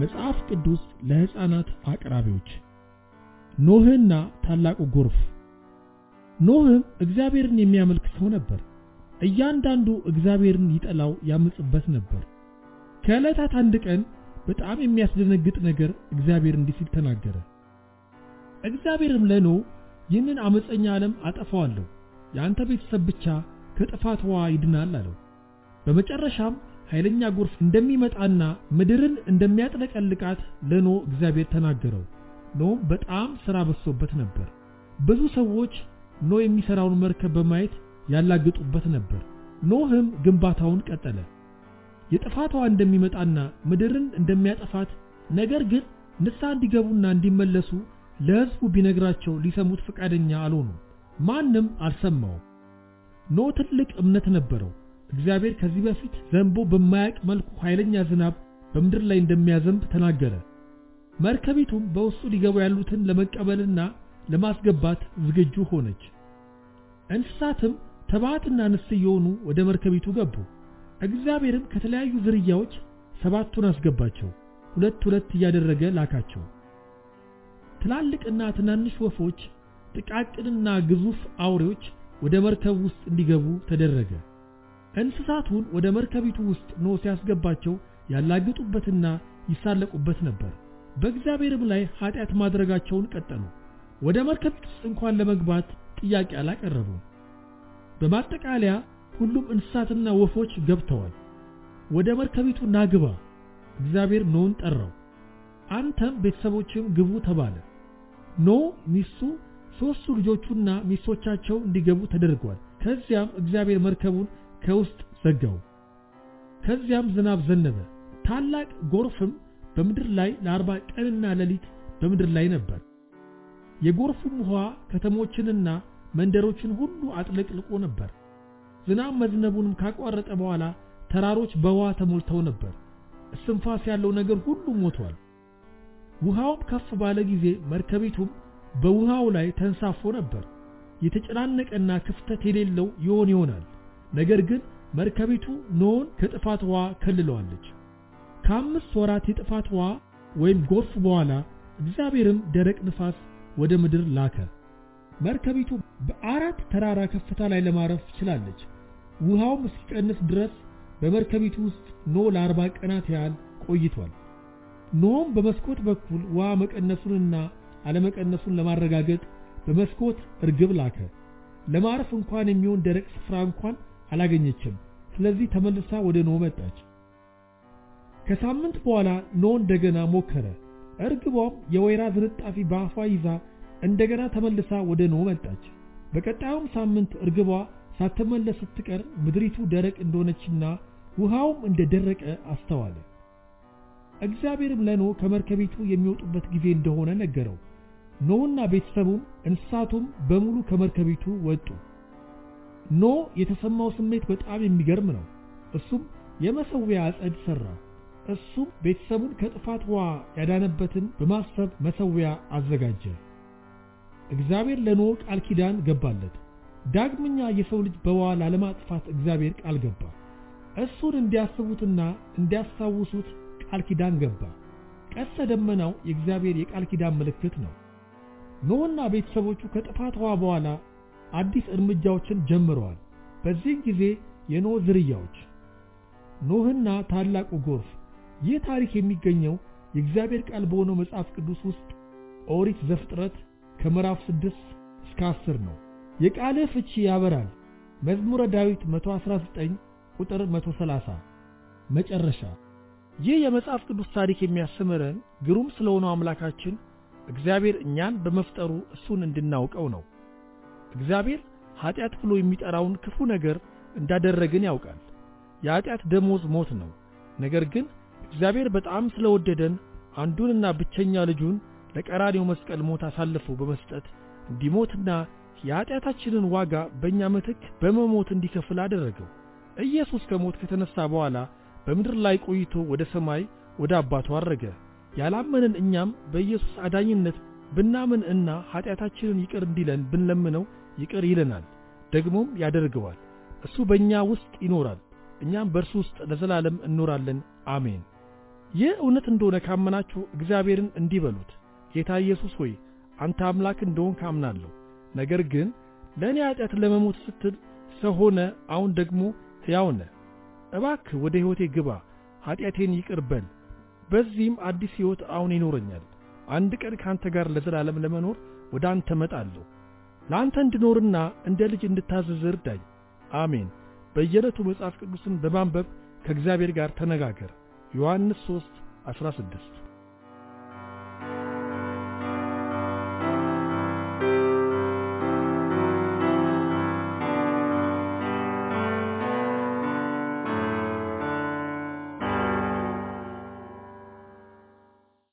መጽሐፍ ቅዱስ ለሕፃናት አቅራቢዎች ኖህና ታላቁ ጎርፍ ኖህም እግዚአብሔርን የሚያመልክ ሰው ነበር። እያንዳንዱ እግዚአብሔርን ይጠላው ያምጽበት ነበር። ከዕለታት አንድ ቀን በጣም የሚያስደነግጥ ነገር እግዚአብሔር እንዲህ ሲል ተናገረ። እግዚአብሔርም ለኖህ ይህንን አመፀኛ ዓለም አጠፋዋለሁ፣ የአንተ ቤተሰብ ብቻ ከጥፋት ውሃ ይድናል አለው። በመጨረሻም ኃይለኛ ጎርፍ እንደሚመጣና ምድርን እንደሚያጥለቀልቃት ለኖ እግዚአብሔር ተናገረው። ኖም በጣም ሥራ በዝቶበት ነበር። ብዙ ሰዎች ኖ የሚሠራውን መርከብ በማየት ያላግጡበት ነበር። ኖህም ግንባታውን ቀጠለ። የጥፋቷ እንደሚመጣና ምድርን እንደሚያጠፋት ነገር ግን ንስሐ እንዲገቡና እንዲመለሱ ለሕዝቡ ቢነግራቸው ሊሰሙት ፈቃደኛ አልሆኑም። ማንም አልሰማውም። ኖ ትልቅ እምነት ነበረው። እግዚአብሔር ከዚህ በፊት ዘንቦ በማያቅ መልኩ ኃይለኛ ዝናብ በምድር ላይ እንደሚያዘንብ ተናገረ። መርከቢቱም በውስጡ ሊገቡ ያሉትን ለመቀበልና ለማስገባት ዝግጁ ሆነች። እንስሳትም ተባዕትና ንስት እየሆኑ ወደ መርከቢቱ ገቡ። እግዚአብሔርም ከተለያዩ ዝርያዎች ሰባቱን አስገባቸው፣ ሁለት ሁለት እያደረገ ላካቸው። ትላልቅና ትናንሽ ወፎች፣ ጥቃቅንና ግዙፍ አውሬዎች ወደ መርከብ ውስጥ እንዲገቡ ተደረገ። እንስሳቱን ወደ መርከቢቱ ውስጥ ኖ ሲያስገባቸው ያላግጡበትና ይሳለቁበት ነበር። በእግዚአብሔርም ላይ ኃጢአት ማድረጋቸውን ቀጠሉ። ወደ መርከቢቱ ውስጥ እንኳን ለመግባት ጥያቄ አላቀረቡም። በማጠቃለያ ሁሉም እንስሳትና ወፎች ገብተዋል። ወደ መርከቢቱ ናግባ እግዚአብሔር ኖን ጠራው። አንተም ቤተሰቦችም ግቡ ተባለ። ኖ ሚስቱ፣ ሦስቱ ልጆቹና ሚስቶቻቸው እንዲገቡ ተደርጓል። ከዚያም እግዚአብሔር መርከቡን ከውስጥ ዘጋው። ከዚያም ዝናብ ዘነበ፣ ታላቅ ጎርፍም በምድር ላይ ለአርባ ቀንና ሌሊት በምድር ላይ ነበር። የጎርፉም ውኃ ከተሞችንና መንደሮችን ሁሉ አጥለቅልቆ ነበር። ዝናብ መዝነቡንም ካቋረጠ በኋላ ተራሮች በውኃ ተሞልተው ነበር። እስትንፋስ ያለው ነገር ሁሉ ሞቷል። ውሃውም ከፍ ባለ ጊዜ መርከቢቱም በውሃው ላይ ተንሳፎ ነበር። የተጨናነቀና ክፍተት የሌለው ይሆን ይሆናል። ነገር ግን መርከቢቱ ኖን ከጥፋት ውሃ ከልለዋለች። ከአምስት ወራት የጥፋት ውሃ ወይም ጎርፍ በኋላ እግዚአብሔርም ደረቅ ንፋስ ወደ ምድር ላከ። መርከቢቱ በአራት ተራራ ከፍታ ላይ ለማረፍ ችላለች። ውሃውም እስኪቀንስ ድረስ በመርከቢቱ ውስጥ ኖ ለአርባ ቀናት ያህል ቆይቷል። ኖም በመስኮት በኩል ውሃ መቀነሱንና አለመቀነሱን ለማረጋገጥ በመስኮት እርግብ ላከ። ለማረፍ እንኳን የሚሆን ደረቅ ስፍራ እንኳን አላገኘችም። ስለዚህ ተመልሳ ወደ ኖ መጣች። ከሳምንት በኋላ ኖ እንደገና ሞከረ። እርግቧም የወይራ ዝንጣፊ በአፏ ይዛ እንደገና ተመልሳ ወደ ኖ መጣች። በቀጣዩም ሳምንት እርግቧ ሳትመለስ ስትቀር ምድሪቱ ደረቅ እንደሆነችና ውሃውም እንደደረቀ አስተዋለ። እግዚአብሔርም ለኖ ከመርከቢቱ የሚወጡበት ጊዜ እንደሆነ ነገረው። ኖውና ቤተሰቡም እንስሳቱም በሙሉ ከመርከቢቱ ወጡ። ኖ የተሰማው ስሜት በጣም የሚገርም ነው። እሱም የመሰዊያ አጸድ ሠራ። እሱም ቤተሰቡን ከጥፋት ውሃ ያዳነበትን በማሰብ መሰዊያ አዘጋጀ። እግዚአብሔር ለኖ ቃል ኪዳን ገባለት። ዳግመኛ የሰው ልጅ በውሃ ላለማጥፋት እግዚአብሔር ቃል ገባ። እሱን እንዲያስቡትና እንዲያስታውሱት ቃል ኪዳን ገባ። ቀስተ ደመናው የእግዚአብሔር የቃል ኪዳን ምልክት ነው። ኖህና ቤተሰቦቹ ከጥፋት ውሃ በኋላ አዲስ እርምጃዎችን ጀምረዋል። በዚህ ጊዜ የኖህ ዝርያዎች ኖህና ታላቁ ጎርፍ። ይህ ታሪክ የሚገኘው የእግዚአብሔር ቃል በሆነው መጽሐፍ ቅዱስ ውስጥ ኦሪት ዘፍጥረት ከምዕራፍ 6 እስከ 10 ነው። የቃልህ ፍቺ ያበራል። መዝሙረ ዳዊት 119 ቁጥር 130 መጨረሻ ይህ የመጽሐፍ ቅዱስ ታሪክ የሚያስተምረን ግሩም ስለሆነው አምላካችን እግዚአብሔር እኛን በመፍጠሩ እሱን እንድናውቀው ነው። እግዚአብሔር ኀጢአት ብሎ የሚጠራውን ክፉ ነገር እንዳደረግን ያውቃል። የኀጢአት ደሞዝ ሞት ነው። ነገር ግን እግዚአብሔር በጣም ስለወደደን አንዱንና ብቸኛ ልጁን ለቀራኔው መስቀል ሞት አሳልፎ በመስጠት እንዲሞትና የኀጢአታችንን ዋጋ በእኛ ምትክ በመሞት እንዲከፍል አደረገው። ኢየሱስ ከሞት ከተነሳ በኋላ በምድር ላይ ቆይቶ ወደ ሰማይ ወደ አባቱ አረገ። ያላመንን እኛም በኢየሱስ አዳኝነት ብናምን እና ኃጢአታችንን ይቅር እንዲለን ብንለምነው ይቅር ይለናል፣ ደግሞም ያደርገዋል። እሱ በእኛ ውስጥ ይኖራል፣ እኛም በእርሱ ውስጥ ለዘላለም እንኖራለን። አሜን። ይህ እውነት እንደሆነ ካመናችሁ እግዚአብሔርን እንዲህ በሉት፣ ጌታ ኢየሱስ ሆይ አንተ አምላክ እንደሆን ካምናለሁ። ነገር ግን ለእኔ ኀጢአት ለመሞት ስትል ሰው ሆነ፣ አሁን ደግሞ ሕያው ነ እባክ ወደ ሕይወቴ ግባ፣ ኀጢአቴን ይቅር በል። በዚህም አዲስ ሕይወት አሁን ይኖረኛል። አንድ ቀን ካንተ ጋር ለዘላለም ለመኖር ወደ አንተ መጣለሁ። ለአንተ እንድኖርና እንደ ልጅ እንድታዘዝ እርዳኝ። አሜን። በየዕለቱ መጽሐፍ ቅዱስን በማንበብ ከእግዚአብሔር ጋር ተነጋገር። ዮሐንስ 3 16